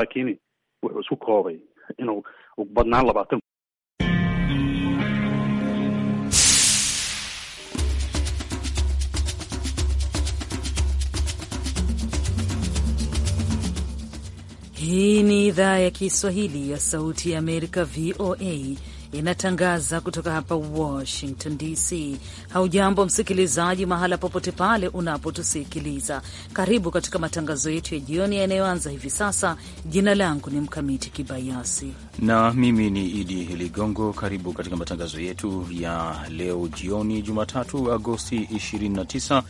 laakiin wuxuu isku koobay inuu badnaan labaatan Hii ni idhaa ya Kiswahili ya Sauti ya Amerika, VOA inatangaza kutoka hapa Washington DC. Haujambo msikilizaji, mahala popote pale unapotusikiliza, karibu katika matangazo yetu ya jioni yanayoanza hivi sasa. Jina langu ni Mkamiti Kibayasi na mimi ni Idi Ligongo. Karibu katika matangazo yetu ya leo jioni, Jumatatu Agosti 29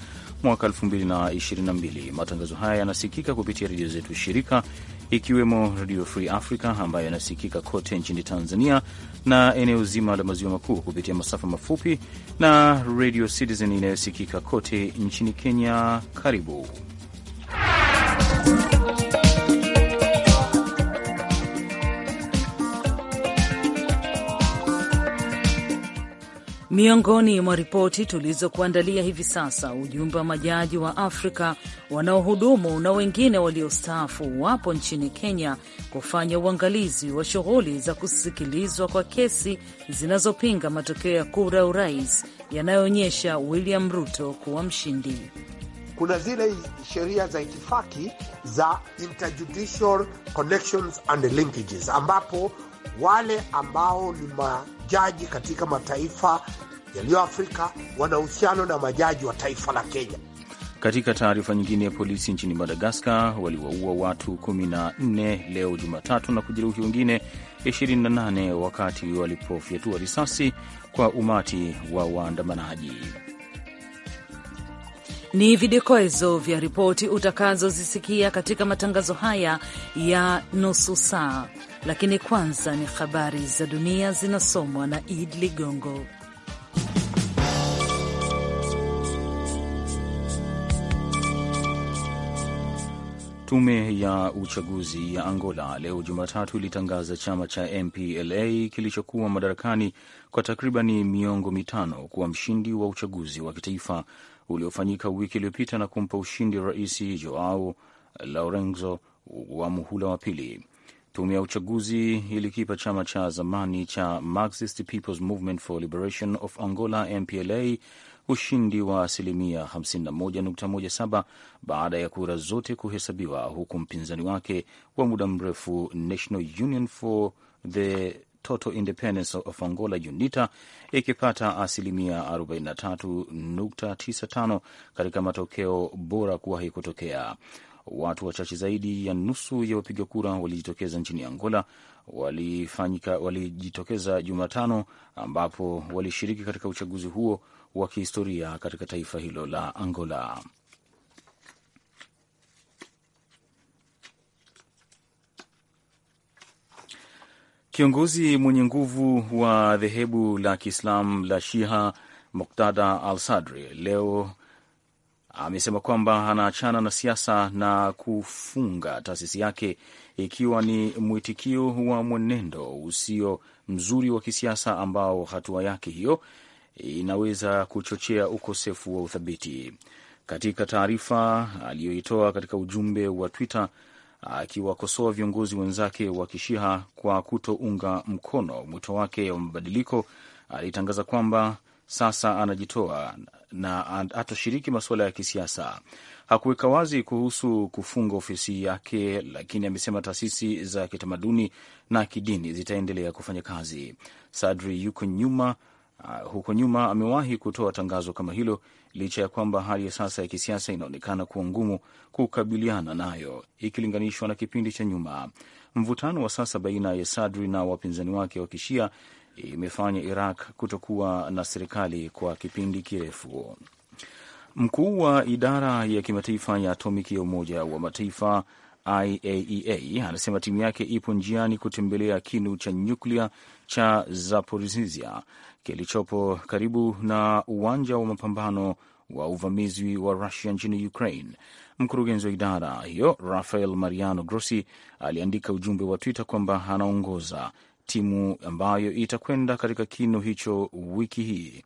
mwaka 2022. Matangazo haya yanasikika kupitia redio zetu shirika ikiwemo Radio Free Africa ambayo inasikika kote nchini Tanzania na eneo zima la maziwa makuu kupitia masafa mafupi na Radio Citizen inayosikika kote nchini Kenya. Karibu Miongoni mwa ripoti tulizokuandalia hivi sasa, ujumbe wa majaji wa Afrika wanaohudumu na wengine waliostaafu wapo nchini Kenya kufanya uangalizi wa shughuli za kusikilizwa kwa kesi zinazopinga matokeo ya kura ya urais yanayoonyesha William Ruto kuwa mshindi. Kuna zile sheria za itifaki za interjudicial connections and linkages, ambapo wale ambao ni majaji katika mataifa yaliyo Afrika wana uhusiano na majaji wa taifa la Kenya. Katika taarifa nyingine ya polisi nchini Madagaskar waliwaua watu 14 leo Jumatatu na kujeruhi wengine 28 wakati walipofyatua risasi kwa umati wa waandamanaji. Ni vidokezo vya ripoti utakazozisikia katika matangazo haya ya nusu saa lakini kwanza ni habari za dunia zinasomwa na Id Ligongo. Tume ya uchaguzi ya Angola leo Jumatatu ilitangaza chama cha MPLA kilichokuwa madarakani kwa takribani miongo mitano kuwa mshindi wa uchaguzi wa kitaifa uliofanyika wiki iliyopita na kumpa ushindi rais Joao Lourenco wa muhula wa pili. Tume ya uchaguzi ilikipa chama cha zamani cha Marxist People's Movement for Liberation of Angola MPLA ushindi wa asilimia 51.17 baada ya kura zote kuhesabiwa, huku mpinzani wake wa muda mrefu National Union for the Total Independence of Angola UNITA ikipata asilimia 43.95 katika matokeo bora kuwahi kutokea watu wachache zaidi ya nusu ya wapiga kura walijitokeza nchini Angola walifanyika walijitokeza Jumatano, ambapo walishiriki katika uchaguzi huo wa kihistoria katika taifa hilo la Angola. Kiongozi mwenye nguvu wa dhehebu la Kiislamu la Shiha Muktada al Sadri leo amesema kwamba anaachana na siasa na kufunga taasisi yake ikiwa ni mwitikio wa mwenendo usio mzuri wa kisiasa ambao hatua yake hiyo inaweza kuchochea ukosefu wa uthabiti. Katika taarifa aliyoitoa katika ujumbe wa Twitter akiwakosoa viongozi wenzake wa kishiha kwa kutounga mkono mwito wake wa mabadiliko, alitangaza kwamba sasa anajitoa na hatoshiriki masuala ya kisiasa. Hakuweka wazi kuhusu kufunga ofisi yake, lakini amesema taasisi za kitamaduni na kidini zitaendelea kufanya kazi. Sadri yuko nyuma Uh, huko nyuma amewahi kutoa tangazo kama hilo, licha ya kwamba hali ya sasa ya kisiasa inaonekana kuwa ngumu kukabiliana nayo ikilinganishwa na kipindi cha nyuma. Mvutano wa sasa baina ya Sadri na wapinzani wake wa kishia imefanya Iraq kutokuwa na serikali kwa kipindi kirefu. Mkuu wa idara ya kimataifa ya atomiki ya Umoja wa Mataifa IAEA e anasema timu yake ipo njiani kutembelea kinu cha nyuklia cha Zaporizhia kilichopo karibu na uwanja wa mapambano wa uvamizi wa Rusia nchini Ukraine. Mkurugenzi wa idara hiyo Rafael Mariano Grossi aliandika ujumbe wa Twitter kwamba anaongoza timu ambayo itakwenda katika kinu hicho wiki hii.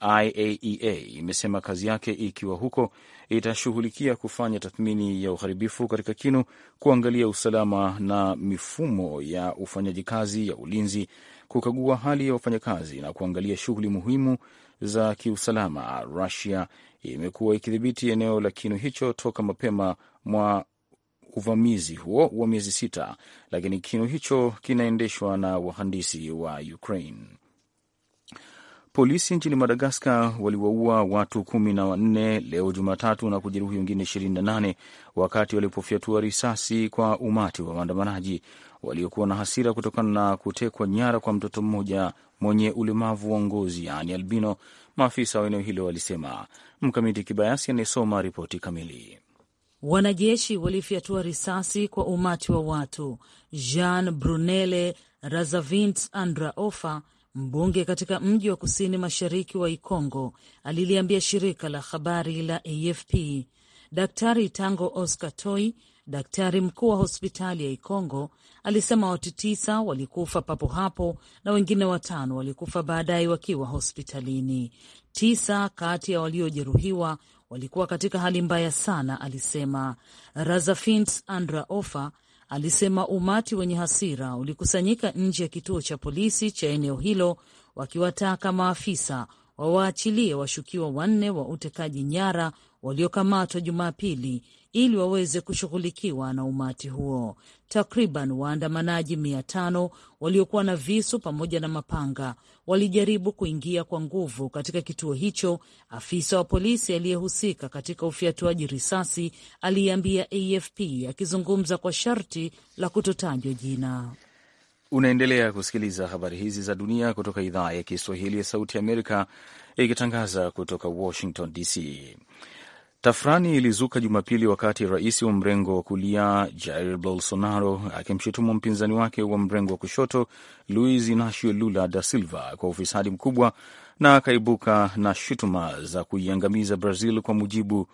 IAEA e imesema kazi yake ikiwa huko itashughulikia kufanya tathmini ya uharibifu katika kinu, kuangalia usalama na mifumo ya ufanyaji kazi ya ulinzi, kukagua hali ya wafanyakazi na kuangalia shughuli muhimu za kiusalama. Rusia imekuwa ikidhibiti eneo la kinu hicho toka mapema mwa uvamizi huo wa miezi sita, lakini kinu hicho kinaendeshwa na wahandisi wa Ukraine. Polisi nchini Madagaskar waliwaua watu kumi na wanne leo Jumatatu na kujeruhi wengine 28 wakati walipofyatua risasi kwa umati wa waandamanaji waliokuwa na hasira kutokana na kutekwa nyara kwa mtoto mmoja mwenye ulemavu wa ngozi yaani albino, maafisa wa eneo hilo walisema. Mkamiti Kibayasi anayesoma ripoti kamili. Wanajeshi walifyatua risasi kwa umati wa watu. Jean brunele Razavint Andraofa, mbunge katika mji wa kusini mashariki wa Ikongo, aliliambia shirika la habari la AFP. Daktari Tango Oscar Toi, daktari mkuu wa hospitali ya Ikongo, alisema watu tisa walikufa papo hapo na wengine watano walikufa baadaye wakiwa hospitalini. Tisa kati ya waliojeruhiwa walikuwa katika hali mbaya sana, alisema. Razafint Andra Ofa alisema umati wenye hasira ulikusanyika nje ya kituo cha polisi cha eneo hilo wakiwataka maafisa wawaachilie washukiwa wanne wa utekaji nyara waliokamatwa Jumapili ili waweze kushughulikiwa na umati huo. Takriban waandamanaji mia tano waliokuwa na visu pamoja na mapanga walijaribu kuingia kwa nguvu katika kituo hicho, afisa wa polisi aliyehusika katika ufyatuaji risasi aliyeambia AFP akizungumza kwa sharti la kutotajwa jina. Unaendelea kusikiliza habari hizi za dunia kutoka idhaa ya Kiswahili ya Sauti ya Amerika, ikitangaza kutoka Washington DC. Tafrani ilizuka Jumapili wakati rais wa mrengo wa kulia Jair Bolsonaro akimshutumu mpinzani wake wa mrengo wa kushoto Luiz Inacio Lula da Silva kwa ufisadi mkubwa na akaibuka na shutuma za kuiangamiza Brazil kwa mujibu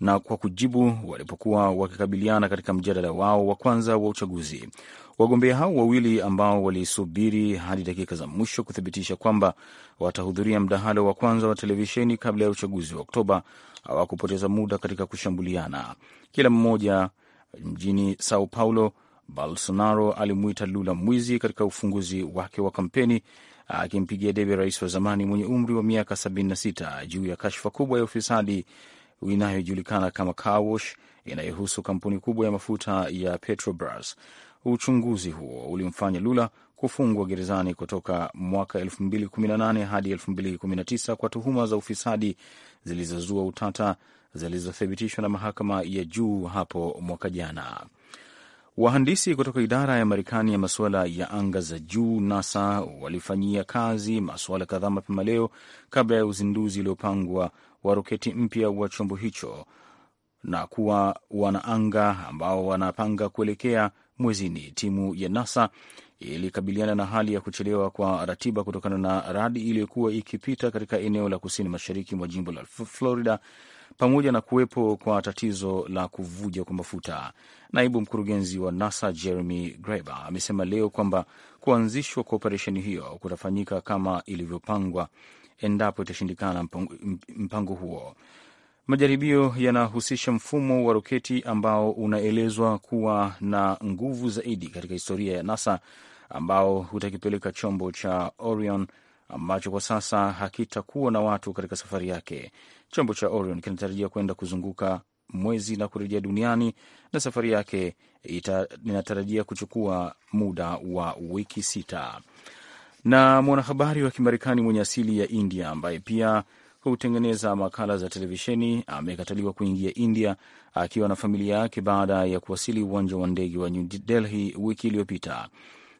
na kwa kujibu walipokuwa wakikabiliana katika mjadala wao wa kwanza wa uchaguzi. Wagombea hao wawili ambao walisubiri hadi dakika za mwisho kuthibitisha kwamba watahudhuria mdahalo wa kwanza wa televisheni kabla ya uchaguzi wa Oktoba hawakupoteza muda katika kushambuliana, kila mmoja mjini Sao Paulo. Bolsonaro alimwita Lula mwizi katika ufunguzi wake wa kampeni, akimpigia debe rais wa zamani mwenye umri wa miaka 76 juu ya kashfa kubwa ya ufisadi inayojulikana kama carwash inayohusu kampuni kubwa ya mafuta ya Petrobras. Uchunguzi huo ulimfanya Lula kufungwa gerezani kutoka mwaka 2018 hadi 2019 kwa tuhuma za ufisadi zilizozua utata zilizothibitishwa na mahakama ya juu hapo mwaka jana. Wahandisi kutoka idara ya Marekani ya masuala ya anga za juu NASA walifanyia kazi masuala kadhaa mapema leo kabla ya uzinduzi uliopangwa wa roketi mpya wa chombo hicho na kuwa wanaanga ambao wanapanga kuelekea mwezini. Timu ya NASA ilikabiliana na hali ya kuchelewa kwa ratiba kutokana na radi iliyokuwa ikipita katika eneo la kusini mashariki mwa jimbo la Florida pamoja na kuwepo kwa tatizo la kuvuja kwa mafuta. Naibu mkurugenzi wa NASA Jeremy Graeber amesema leo kwamba kuanzishwa kwa operesheni hiyo kutafanyika kama ilivyopangwa endapo itashindikana mpango huo. Majaribio yanahusisha mfumo wa roketi ambao unaelezwa kuwa na nguvu zaidi katika historia ya NASA, ambao utakipeleka chombo cha Orion ambacho kwa sasa hakitakuwa na watu katika safari yake. Chombo cha Orion kinatarajia kwenda kuzunguka mwezi na kurejea duniani na safari yake inatarajia kuchukua muda wa wiki sita. Na mwanahabari wa Kimarekani mwenye asili ya India ambaye pia kutengeneza makala za televisheni amekataliwa kuingia India akiwa na familia yake baada ya kuwasili uwanja wa ndege wa New Delhi wiki iliyopita.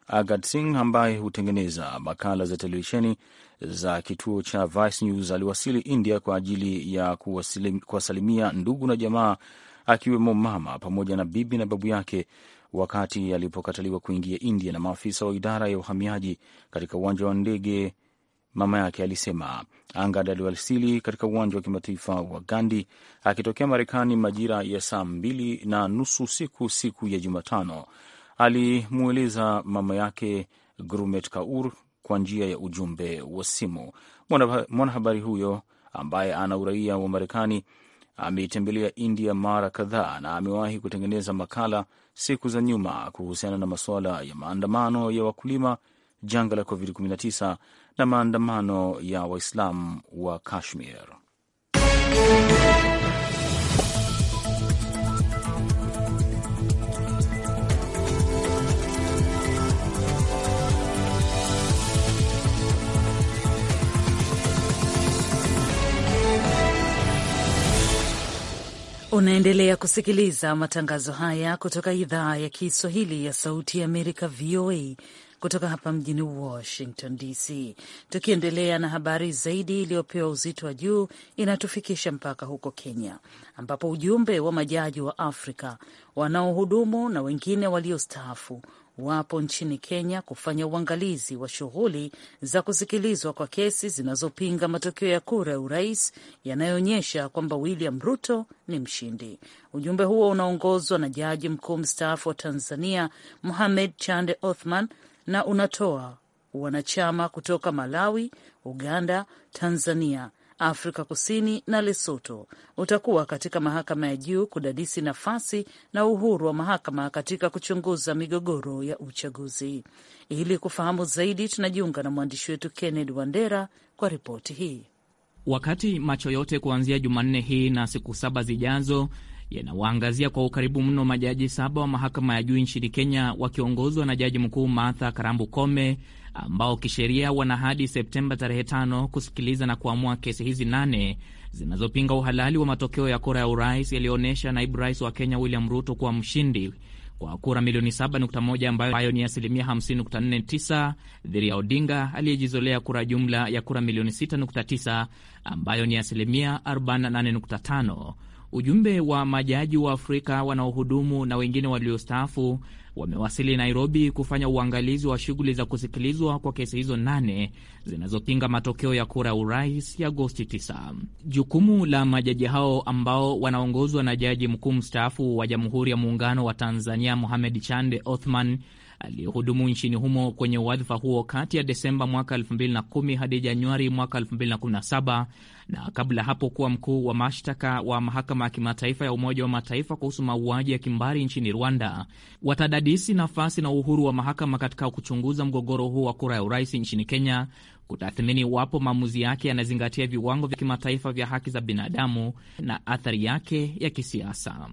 Agat Singh ambaye hutengeneza makala za televisheni za kituo cha Vice News aliwasili India kwa ajili ya kuwasalimia ndugu na jamaa akiwemo mama pamoja na bibi na babu yake wakati alipokataliwa kuingia India na maafisa wa idara ya uhamiaji katika uwanja wa ndege mama yake alisema. Angad aliwasili katika uwanja wa kimataifa wa gandi akitokea Marekani majira ya saa mbili na nusu siku siku ya Jumatano. Alimweleza mama yake Gurumet Kaur kwa njia ya ujumbe wa simu. Mwanahabari huyo ambaye ana uraia wa Marekani ameitembelea India mara kadhaa na amewahi kutengeneza makala siku za nyuma kuhusiana na masuala ya maandamano ya wakulima, janga la COVID-19 na maandamano ya Waislamu wa Kashmir. Unaendelea kusikiliza matangazo haya kutoka idhaa ya Kiswahili ya Sauti ya Amerika, VOA, kutoka hapa mjini Washington DC. Tukiendelea na habari zaidi iliyopewa uzito wa juu, inatufikisha mpaka huko Kenya, ambapo ujumbe wa majaji wa Afrika wanaohudumu na wengine waliostaafu wapo nchini Kenya kufanya uangalizi wa shughuli za kusikilizwa kwa kesi zinazopinga matokeo ya kura ya urais yanayoonyesha kwamba William Ruto ni mshindi. Ujumbe huo unaongozwa na jaji mkuu mstaafu wa Tanzania muhamed Chande Othman na unatoa wanachama kutoka Malawi, Uganda, Tanzania, Afrika Kusini na lesoto Utakuwa katika mahakama ya juu kudadisi nafasi na uhuru wa mahakama katika kuchunguza migogoro ya uchaguzi. Ili kufahamu zaidi, tunajiunga na mwandishi wetu Kennedy Wandera kwa ripoti hii. Wakati macho yote kuanzia Jumanne hii na siku saba zijazo yanawaangazia kwa ukaribu mno majaji saba wa mahakama ya juu nchini Kenya wakiongozwa na jaji mkuu Martha Karambu Kome ambao kisheria wana hadi Septemba tarehe tano kusikiliza na kuamua kesi hizi nane zinazopinga uhalali wa matokeo ya kura ya urais yaliyoonyesha naibu rais wa Kenya William Ruto kuwa mshindi kwa kura milioni 7.1 ambayo ni asilimia 50.49 dhidi ya Odinga aliyejizolea kura jumla ya kura milioni 6.9 ambayo ni asilimia 48.5. Ujumbe wa majaji wa Afrika wanaohudumu na wengine waliostaafu wamewasili Nairobi kufanya uangalizi wa shughuli za kusikilizwa kwa kesi hizo nane zinazopinga matokeo ya kura ya urais ya Agosti 9. Jukumu la majaji hao ambao wanaongozwa na jaji mkuu mstaafu wa Jamhuri ya Muungano wa Tanzania Mohamed Chande Othman aliyehudumu nchini humo kwenye wadhifa huo kati ya Desemba mwaka 2010 hadi Januari mwaka 2017 na kabla hapo kuwa mkuu wa mashtaka wa mahakama ya kimataifa ya Umoja wa Mataifa kuhusu mauaji ya kimbari nchini Rwanda. Watadadisi nafasi na uhuru wa mahakama katika kuchunguza mgogoro huu wa kura ya urais nchini Kenya, kutathmini iwapo maamuzi yake yanazingatia viwango vya kimataifa vya haki za binadamu na athari yake ya kisiasa.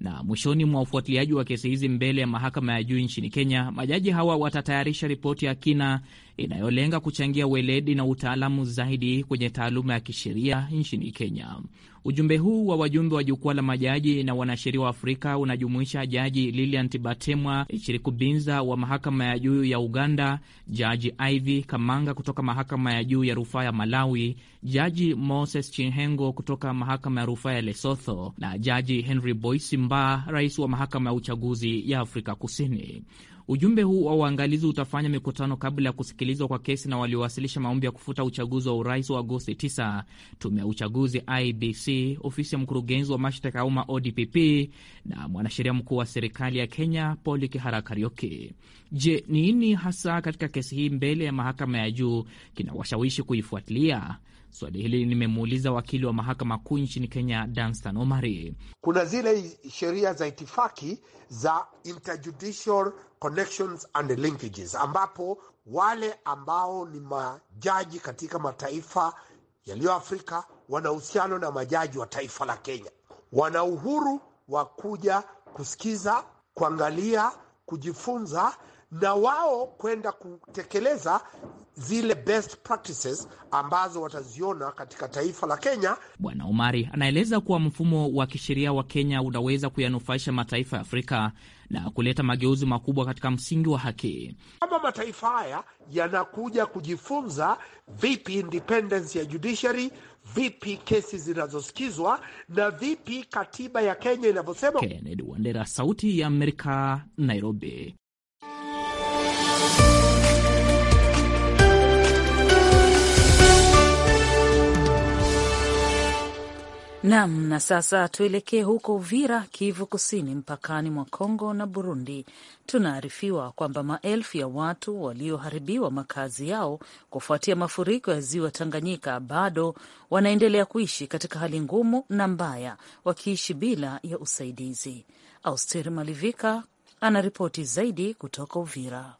Na mwishoni mwa ufuatiliaji wa kesi hizi mbele ya mahakama ya juu nchini Kenya, majaji hawa watatayarisha ripoti ya kina inayolenga kuchangia weledi na utaalamu zaidi kwenye taaluma ya kisheria nchini Kenya. Ujumbe huu wa wajumbe wa jukwaa la majaji na wanasheria wa Afrika unajumuisha Jaji Lilian Tibatemwa Ichirikubinza wa mahakama ya juu ya Uganda, Jaji Ivy Kamanga kutoka mahakama ya juu ya rufaa ya Malawi, Jaji Moses Chinhengo kutoka mahakama ya rufaa ya Lesotho na Jaji Henry Boisimba, rais wa mahakama ya uchaguzi ya Afrika Kusini. Ujumbe huu wa uangalizi utafanya mikutano kabla ya kusikilizwa kwa kesi na waliowasilisha maombi ya kufuta uchaguzi wa urais wa Agosti 9. Tume ya uchaguzi IBC, ofisi ya mkurugenzi wa mashtaka ya umma ODPP na mwanasheria mkuu wa serikali ya Kenya Paul Kihara Je, ni nini hasa katika kesi hii mbele ya mahakama ya juu kinawashawishi kuifuatilia? Swali hili nimemuuliza wakili wa mahakama kuu nchini Kenya, Danstan Omari. Kuna zile sheria za itifaki za interjudicial connections and linkages, ambapo wale ambao ni majaji katika mataifa yaliyo Afrika wana uhusiano na majaji wa taifa la Kenya, wana uhuru wa kuja kusikiza, kuangalia, kujifunza na wao kwenda kutekeleza zile best practices ambazo wataziona katika taifa la Kenya. Bwana Omari anaeleza kuwa mfumo wa kisheria wa Kenya unaweza kuyanufaisha mataifa ya Afrika na kuleta mageuzi makubwa katika msingi wa haki. Kama mataifa haya yanakuja kujifunza vipi independence ya judiciary, vipi kesi zinazosikizwa na vipi katiba ya Kenya inavyosema. Kennedy Wandera, Sauti ya Amerika, Nairobi. Nam, na sasa tuelekee huko Uvira, Kivu Kusini, mpakani mwa Kongo na Burundi. Tunaarifiwa kwamba maelfu ya watu walioharibiwa makazi yao kufuatia mafuriko ya ziwa Tanganyika bado wanaendelea kuishi katika hali ngumu na mbaya, wakiishi bila ya usaidizi. auster Malivika anaripoti zaidi kutoka Uvira.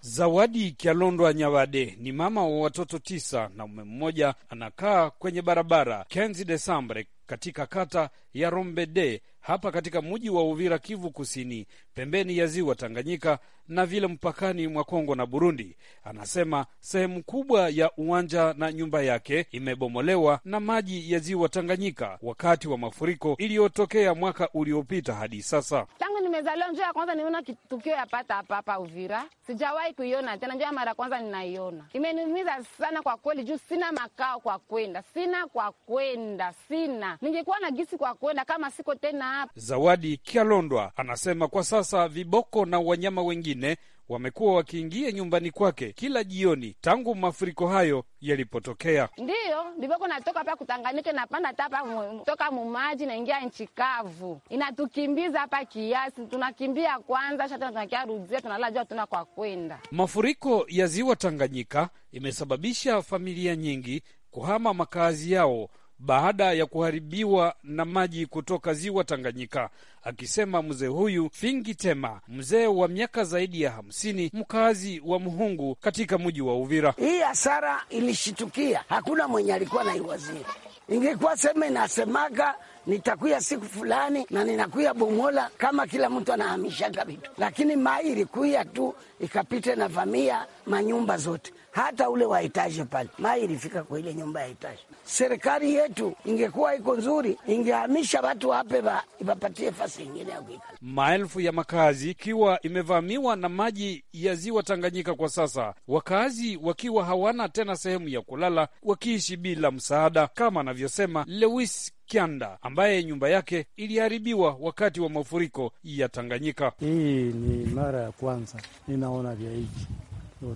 Zawadi kialondwa Nyawade ni mama wa watoto tisa na mume mmoja, anakaa kwenye barabara Kenzi Desambre katika kata ya Rombede hapa katika mji wa Uvira, Kivu Kusini, pembeni ya ziwa Tanganyika na vile mpakani mwa Kongo na Burundi. Anasema sehemu kubwa ya uwanja na nyumba yake imebomolewa na maji ya ziwa Tanganyika wakati wa mafuriko iliyotokea mwaka uliopita hadi sasa. Tangu nimezaliwa njo ya kwanza niona tukio yapata hapa hapa Uvira, sijawahi kuiona tena, Njo ya mara kwanza ninaiona. Imeniumiza sana kwa kweli, juu sina makao kwa kwenda, sina kwa kwenda, sina ningekuwa na gisi kwa kwenda kama siko tena Zawadi Kialondwa anasema kwa sasa viboko na wanyama wengine wamekuwa wakiingia nyumbani kwake kila jioni tangu mafuriko hayo yalipotokea. Ndiyo viboko natoka hapa kutanganike napanda tapa toka mumaji naingia nchi kavu, inatukimbiza hapa kiasi, tunakimbia kwanza shata tunakia rudia tunalala jua tuna kwa kwenda. Mafuriko ya ziwa Tanganyika imesababisha familia nyingi kuhama makazi yao baada ya kuharibiwa na maji kutoka ziwa Tanganyika, akisema mzee huyu Fingi Tema, mzee wa miaka zaidi ya hamsini, mkazi wa mhungu katika mji wa Uvira. Hii hasara ilishitukia, hakuna mwenye alikuwa na iwaziri. Ingekuwa sema inasemaga nitakuya siku fulani na ninakuya Bomola, kama kila mtu anahamishaga vitu, lakini mai ilikuya tu ikapita na vamia manyumba zote, hata ule wahitaji pale. Mai ilifika kwa ile nyumba ya hitaji. Serikali yetu ingekuwa iko nzuri, ingehamisha watu wape ba, ipapatie fasi ingine ya kuika. Maelfu ya makazi ikiwa imevamiwa na maji ya ziwa Tanganyika kwa sasa, wakazi wakiwa hawana tena sehemu ya kulala, wakiishi bila msaada, kama anavyosema Lewis Kyanda ambaye nyumba yake iliharibiwa wakati wa mafuriko ya Tanganyika. Hii ni mara ya kwanza Nina naona vya hivi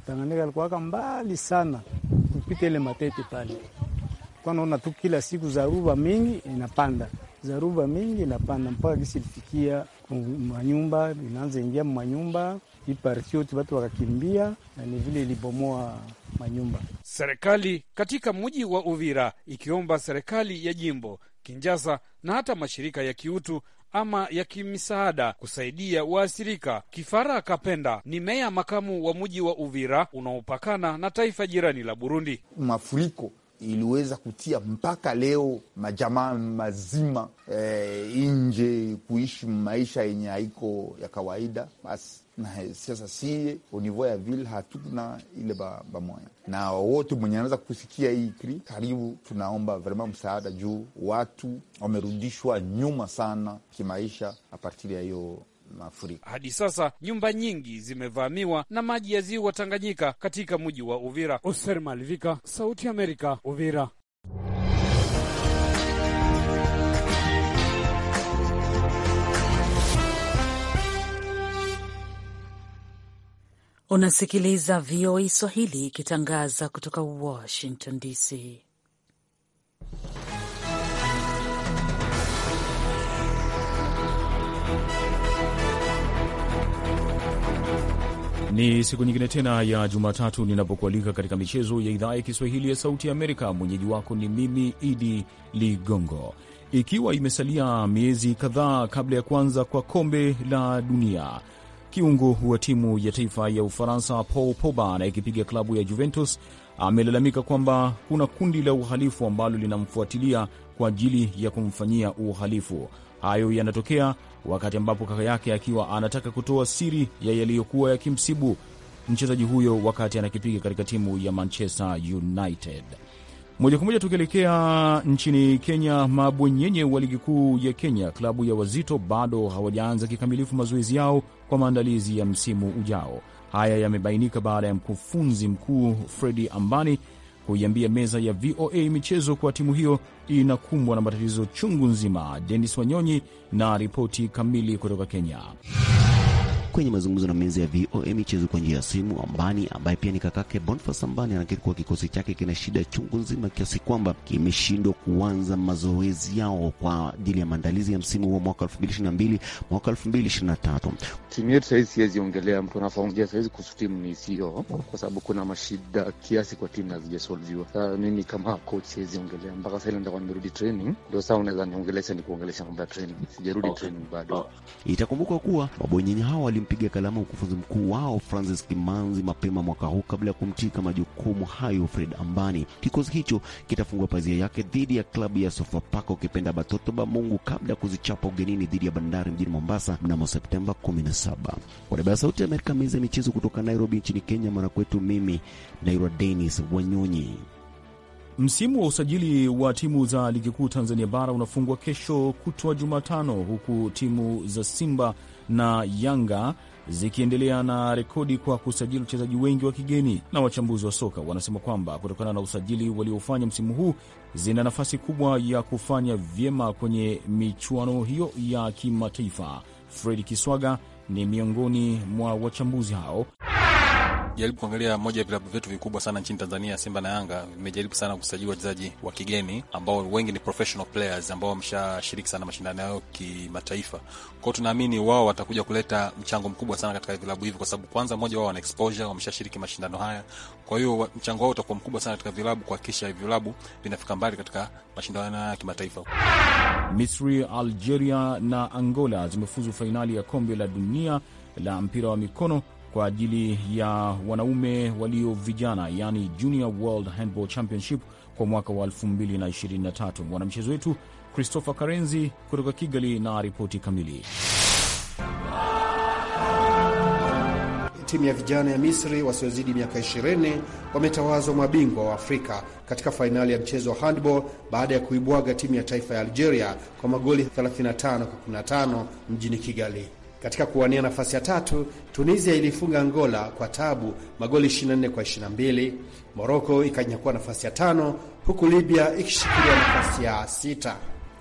Tanganyika alikuwaka mbali sana kupita ile matete pale, kwa naona tu kila siku zaruba mingi inapanda, zaruba mingi inapanda mpaka kisi ilifikia manyumba inaanza ingia manyumba ipartioti, watu wakakimbia, na ni vile ilibomoa manyumba. Serikali katika mji wa Uvira ikiomba serikali ya jimbo Kinjasa na hata mashirika ya kiutu ama ya kimsaada kusaidia waathirika. Kifara Kapenda ni meya makamu wa muji wa Uvira unaopakana na taifa jirani la Burundi. Mafuriko iliweza kutia mpaka leo majamaa mazima e, nje kuishi maisha yenye haiko ya kawaida. Basi sasa sie au niveau ya ville hatuna ile ba, ba moya na wote mwenye anaweza kusikia hii kri, karibu tunaomba vraiment msaada juu watu wamerudishwa nyuma sana kimaisha apartiri ya hiyo mafuriko. Hadi sasa nyumba nyingi zimevamiwa na maji ya ziwa Tanganyika katika mji wa Uvira. Oser Malivika, Sauti Amerika, Uvira. Unasikiliza VOA e Swahili ikitangaza kutoka Washington DC. Ni siku nyingine tena ya Jumatatu ninapokualika katika michezo ya idhaa ya Kiswahili ya Sauti ya Amerika. Mwenyeji wako ni mimi Idi Ligongo. Ikiwa imesalia miezi kadhaa kabla ya kuanza kwa kombe la dunia Kiungo wa timu ya taifa ya Ufaransa Paul Pogba anayekipiga klabu ya Juventus amelalamika kwamba kuna kundi la uhalifu ambalo linamfuatilia kwa ajili ya kumfanyia uhalifu. Hayo yanatokea wakati ambapo kaka yake akiwa anataka kutoa siri ya yaliyokuwa yakimsibu mchezaji huyo wakati anakipiga katika timu ya Manchester United. Moja kwa moja tukielekea nchini Kenya, mabwenyenye wa ligi kuu ya Kenya, klabu ya Wazito bado hawajaanza kikamilifu mazoezi yao kwa maandalizi ya msimu ujao. Haya yamebainika baada ya mkufunzi mkuu Fredi Ambani kuiambia meza ya VOA michezo kwa timu hiyo inakumbwa na matatizo chungu nzima. Denis Wanyonyi na ripoti kamili kutoka Kenya. Kwenye mazungumzo na meza ya VOA michezo kwa njia ya simu, Ambani ambaye pia ni kakake Bonface Ambani anakiri kuwa kikosi chake kina shida chungu nzima kiasi kwamba kimeshindwa kuanza mazoezi yao kwa ajili ya maandalizi ya msimu huo mwaka 2022 mwaka 2023. Timu yetu sahizi siwezi ongelea, mtu anafaongea sahizi kuhusu timu ni sio, kwa sababu kuna mashida kiasi kwa timu hazijasolviwa. Sasa mimi kama coach siwezi ongelea mpaka sasa, ndio nimerudi training, ndio sasa unaweza niongelesha, nikuongelesha mambo ya training. Sijarudi oh. training bado. Oh. Itakumbukwa kuwa wabonyenyi hawa wali alimpiga kalamu mkufunzi mkuu wao Francis Kimanzi mapema mwaka huu kabla ya kumtika majukumu hayo Fred Ambani. Kikosi hicho kitafungua pazia yake dhidi ya klabu ya Sofapaka ukipenda Batoto ba Mungu kabla ya kuzichapa ugenini dhidi ya Bandari mjini Mombasa mnamo Septemba 17. Kwa niaba ya Sauti ya Amerika, meza ya michezo kutoka Nairobi nchini Kenya, mara kwetu, mimi Nairwa Dennis Wanyonyi. Msimu wa usajili wa timu za ligi kuu Tanzania bara unafungwa kesho kutwa Jumatano, huku timu za Simba na Yanga zikiendelea na rekodi kwa kusajili wachezaji wengi wa kigeni, na wachambuzi wa soka wanasema kwamba kutokana na usajili waliofanya msimu huu zina nafasi kubwa ya kufanya vyema kwenye michuano hiyo ya kimataifa. Fredi Kiswaga ni miongoni mwa wachambuzi hao jaribu kuangalia moja ya vilabu vyetu vikubwa sana nchini Tanzania, Simba na Yanga vimejaribu sana kusajili wachezaji wa kigeni ambao wengi ni professional players ambao wameshashiriki sana mashindano yao kimataifa. Kwao tunaamini wao watakuja kuleta mchango mkubwa sana katika vilabu hivi, kwa sababu kwanza, moja, wao wana exposure, wameshashiriki mashindano haya. Kwa hiyo mchango wao utakuwa mkubwa sana katika vilabu, kuhakikisha vilabu vinafika mbali katika mashindano ya kimataifa. Misri, Algeria na Angola zimefuzu fainali ya kombe la dunia la mpira wa mikono kwa ajili ya wanaume walio vijana, yani Junior World Handball Championship kwa mwaka wa 2023. Mwanamchezo wetu Christopher Karenzi kutoka Kigali na ripoti kamili. Timu ya vijana ya Misri wasiozidi miaka 20 wametawazwa mabingwa wa Afrika katika fainali ya mchezo wa handball baada ya kuibwaga timu ya taifa ya Algeria kwa magoli 35 kwa 15 mjini Kigali. Katika kuwania nafasi ya tatu, Tunisia ilifunga Angola kwa tabu magoli 24 kwa 22. Moroko ikanyakua nafasi ya tano, huku Libya ikishikilia nafasi ya sita.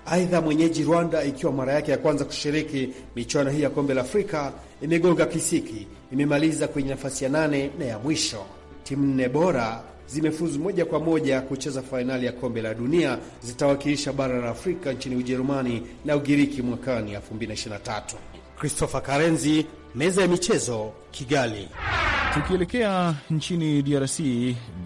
Aidha, mwenyeji Rwanda, ikiwa mara yake ya kwanza kushiriki michuano hii ya kombe la Afrika, imegonga kisiki, imemaliza kwenye nafasi ya nane na ya mwisho. Timu nne bora zimefuzu moja kwa moja kucheza fainali ya kombe la dunia, zitawakilisha bara la Afrika nchini Ujerumani na Ugiriki mwakani 2023. Christopher Karenzi, meza ya michezo. Kigali. Tukielekea nchini DRC,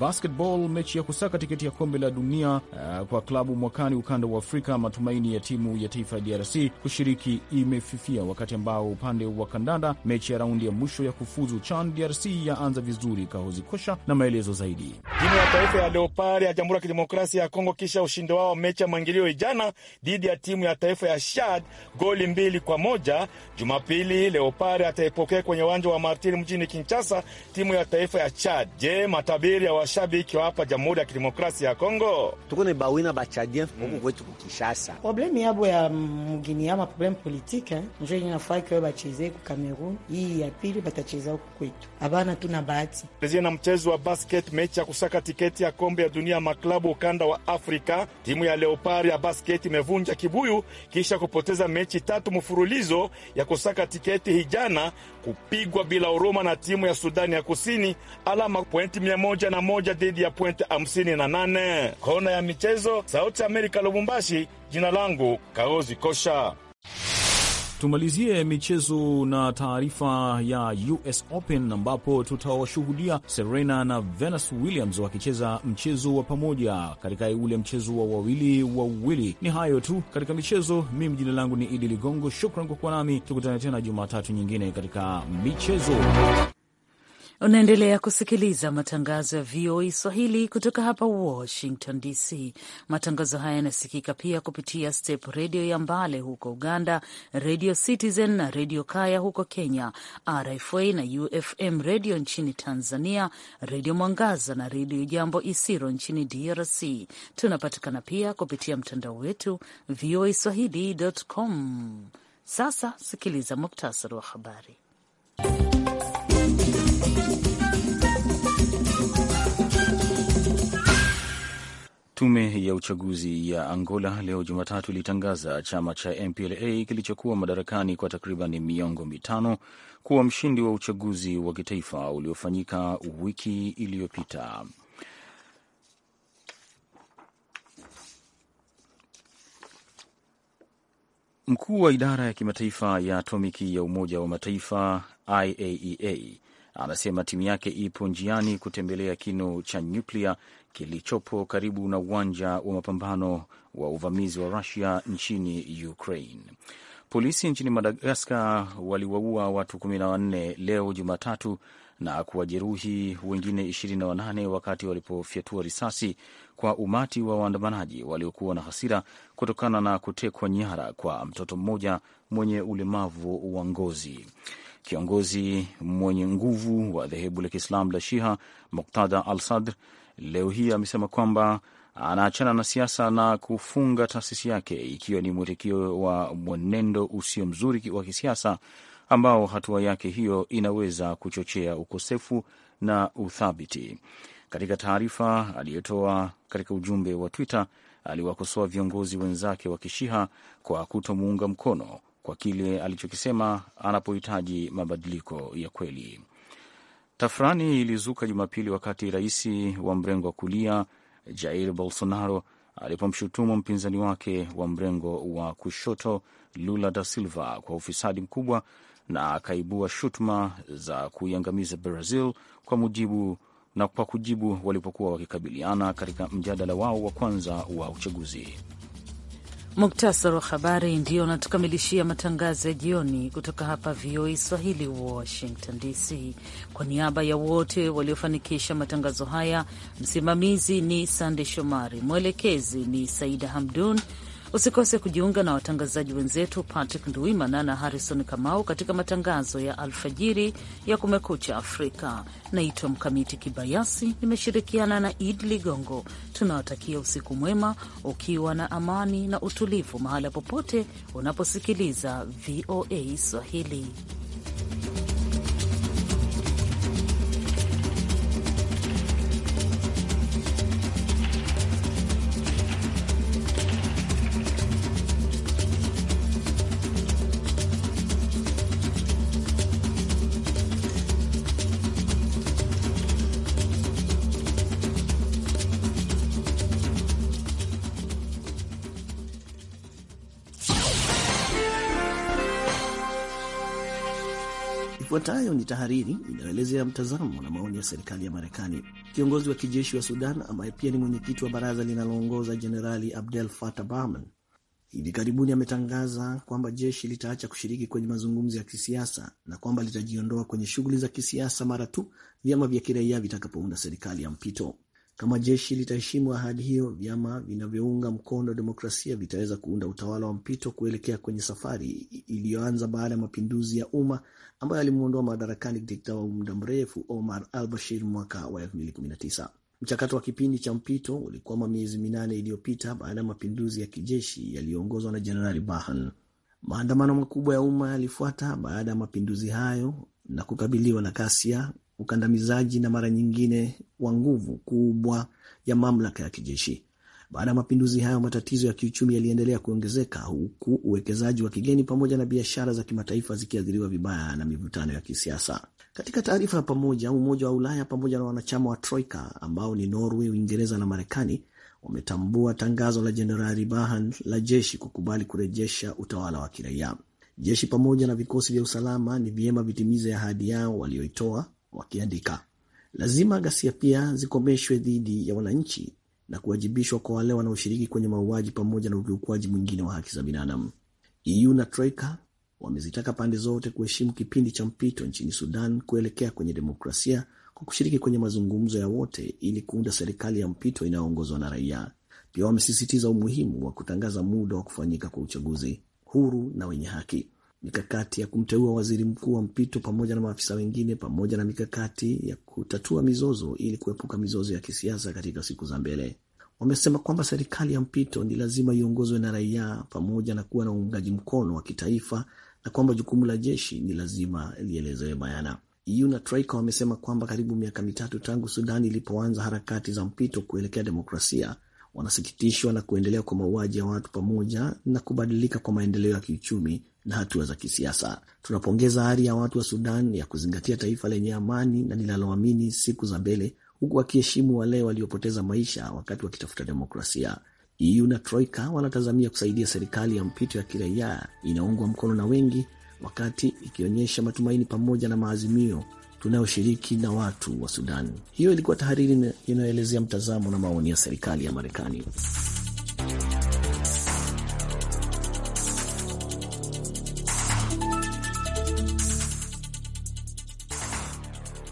basketball, mechi ya kusaka tiketi ya kombe la dunia uh, kwa klabu mwakani ukanda wa Afrika. Matumaini ya timu ya taifa ya DRC kushiriki imefifia, wakati ambao upande wa kandanda, mechi ya raundi ya mwisho ya kufuzu CHAN DRC yaanza vizuri. Kahozi Kosha na maelezo zaidi. Timu ya taifa ya Leopard ya Jamhuri ya Kidemokrasia ya Kongo kisha ushindi wao mechi ya mwingilio ijana dhidi ya timu ya taifa ya Shad goli mbili kwa moja Jumapili, Leopard ataipokea kwenye uwanja wa Martir mjini Kinshasa, timu ya taifa ya Chad. Je, matabiri ya washabiki wa hapa Jamhuri ya Kidemokrasia ya Kongo? tuko ni bawina bachadien huku mm. kwetu kukishasa problemu yabo ya mgini ama problemu politike njo inafaa ikiwa bacheze ku Kamerun, hii ya pili batacheza huku kwetu. Abana tuna bahati lezie na mchezo wa basket, mechi ya kusaka tiketi ya kombe ya dunia maklabu ukanda wa Afrika. Timu ya Leopard ya basket imevunja kibuyu kisha kupoteza mechi tatu mfurulizo ya kusaka tiketi hijana kupigwa bila la Huruma na timu ya Sudani ya Kusini alama pointi mia moja na moja dhidi ya pointi hamsini na nane. Kona ya michezo, Sauti Amerika, Lubumbashi. Jina langu Kaozi Kosha. Tumalizie michezo na taarifa ya US Open ambapo tutawashuhudia Serena na Venus Williams wakicheza mchezo wa pamoja katika ule mchezo wa wawili wa uwili Ni hayo tu katika michezo. Mimi jina langu ni Idi Ligongo, shukran kwa kuwa nami. Tukutane tena Jumatatu nyingine katika michezo. Unaendelea kusikiliza matangazo ya VOA Swahili kutoka hapa Washington DC. Matangazo haya yanasikika pia kupitia Step Redio ya Mbale huko Uganda, Redio Citizen na Redio Kaya huko Kenya, RFA na UFM Redio nchini Tanzania, Redio Mwangaza na Redio Jambo Isiro nchini DRC. Tunapatikana pia kupitia mtandao wetu VOA Swahili.com. Sasa sikiliza muktasari wa habari. Tume ya uchaguzi ya Angola leo Jumatatu ilitangaza chama cha MPLA kilichokuwa madarakani kwa takriban miongo mitano kuwa mshindi wa uchaguzi wa kitaifa uliofanyika wiki iliyopita. Mkuu wa idara ya kimataifa ya atomiki ya Umoja wa Mataifa IAEA e anasema timu yake ipo njiani kutembelea kinu cha nyuklia kilichopo karibu na uwanja wa mapambano wa uvamizi wa Rusia nchini Ukraine. Polisi nchini Madagaskar waliwaua watu kumi na wanne leo Jumatatu na kuwajeruhi wengine 28 wakati walipofyatua risasi kwa umati wa waandamanaji waliokuwa na hasira kutokana na kutekwa nyara kwa mtoto mmoja mwenye ulemavu wa ngozi. Kiongozi mwenye nguvu wa dhehebu la kiislam la Shiha Muktada al Sadr leo hii amesema kwamba anaachana na siasa na kufunga taasisi yake, ikiwa ni mwitikio wa mwenendo usio mzuri wa kisiasa ambao hatua yake hiyo inaweza kuchochea ukosefu na uthabiti. Katika taarifa aliyotoa katika ujumbe wa Twitter, aliwakosoa viongozi wenzake wa kishiha kwa kutomuunga mkono kwa kile alichokisema anapohitaji mabadiliko ya kweli. Tafrani ilizuka Jumapili wakati rais wa mrengo wa kulia Jair Bolsonaro alipomshutumu mpinzani wake wa mrengo wa kushoto Lula da Silva kwa ufisadi mkubwa na akaibua shutuma za kuiangamiza Brazil kwa mujibu na kwa kujibu walipokuwa wakikabiliana katika mjadala wao wa kwanza wa uchaguzi. Muktasari wa habari ndio unatukamilishia matangazo ya jioni kutoka hapa VOA Swahili, Washington DC. Kwa niaba ya wote waliofanikisha matangazo haya, msimamizi ni Sande Shomari, mwelekezi ni Saida Hamdun. Usikose kujiunga na watangazaji wenzetu Patrick Nduimana na Harrison Kamau katika matangazo ya alfajiri ya Kumekucha Afrika. Naitwa Mkamiti Kibayasi, nimeshirikiana na Id Ligongo. Tunawatakia usiku mwema ukiwa na amani na utulivu mahala popote unaposikiliza VOA Swahili. Ifuatayo ni tahariri inayoelezea mtazamo na maoni ya serikali ya Marekani. Kiongozi wa kijeshi wa Sudan ambaye pia ni mwenyekiti wa baraza linaloongoza Jenerali Abdel Fattah Burhan hivi karibuni ametangaza kwamba jeshi litaacha kushiriki kwenye mazungumzo ya kisiasa na kwamba litajiondoa kwenye shughuli za kisiasa mara tu vyama vya kiraia vitakapounda serikali ya mpito. Kama jeshi litaheshimu ahadi hiyo, vyama vinavyounga mkono demokrasia vitaweza kuunda utawala wa mpito kuelekea kwenye safari iliyoanza baada ya mapinduzi ya umma ambayo alimwondoa madarakani dikta wa muda mrefu Omar al-Bashir mwaka wa 2019. Mchakato wa kipindi cha mpito ulikwama miezi minane iliyopita baada ya mapinduzi ya kijeshi yaliyoongozwa na Jenerali Bahan. Maandamano makubwa ya umma yalifuata baada ya mapinduzi hayo na kukabiliwa na ghasia ukandamizaji na mara nyingine wa nguvu kubwa ya mamlaka ya kijeshi. Baada ya mapinduzi hayo, matatizo ya kiuchumi yaliendelea kuongezeka, huku uwekezaji wa kigeni pamoja na biashara za kimataifa zikiathiriwa vibaya na mivutano ya kisiasa. Katika taarifa ya pamoja, Umoja wa Ulaya pamoja na wanachama wa Troika ambao ni Norway, Uingereza na Marekani wametambua tangazo la Jenerali Bahan la jeshi kukubali kurejesha utawala wa kiraia. Jeshi pamoja na vikosi vya usalama ni vyema vitimize ahadi yao walioitoa wakiandika, lazima ghasia pia zikomeshwe dhidi ya wananchi na kuwajibishwa kwa wale wanaoshiriki kwenye mauaji pamoja na ukiukwaji mwingine wa haki za binadamu. EU na Troika wamezitaka pande zote kuheshimu kipindi cha mpito nchini Sudan kuelekea kwenye demokrasia kwa kushiriki kwenye mazungumzo ya wote ili kuunda serikali ya mpito inayoongozwa na raia. Pia wamesisitiza umuhimu wa kutangaza muda wa kufanyika kwa uchaguzi huru na wenye haki mikakati ya kumteua waziri mkuu wa mpito pamoja na maafisa wengine, pamoja na mikakati ya kutatua mizozo ili kuepuka mizozo ya kisiasa katika siku za mbele. Wamesema kwamba serikali ya mpito ni lazima iongozwe na raia pamoja na kuwa na uungaji mkono wa kitaifa na kwamba jukumu la jeshi ni lazima lielezewe bayana. EU wamesema kwamba karibu miaka mitatu tangu Sudani ilipoanza harakati za mpito kuelekea demokrasia, wanasikitishwa na kuendelea kwa mauaji ya watu pamoja na kubadilika kwa maendeleo ya kiuchumi na hatua za kisiasa. Tunapongeza ari ya watu wa Sudan ya kuzingatia taifa lenye amani na linaloamini siku za mbele, huku wakiheshimu wale waliopoteza maisha wakati wakitafuta demokrasia. EU na Troika wanatazamia kusaidia serikali ya mpito ya kiraia inaungwa mkono na wengi, wakati ikionyesha matumaini pamoja na maazimio tunayoshiriki na watu wa Sudan. Hiyo ilikuwa tahariri inayoelezea mtazamo na maoni ya serikali ya Marekani.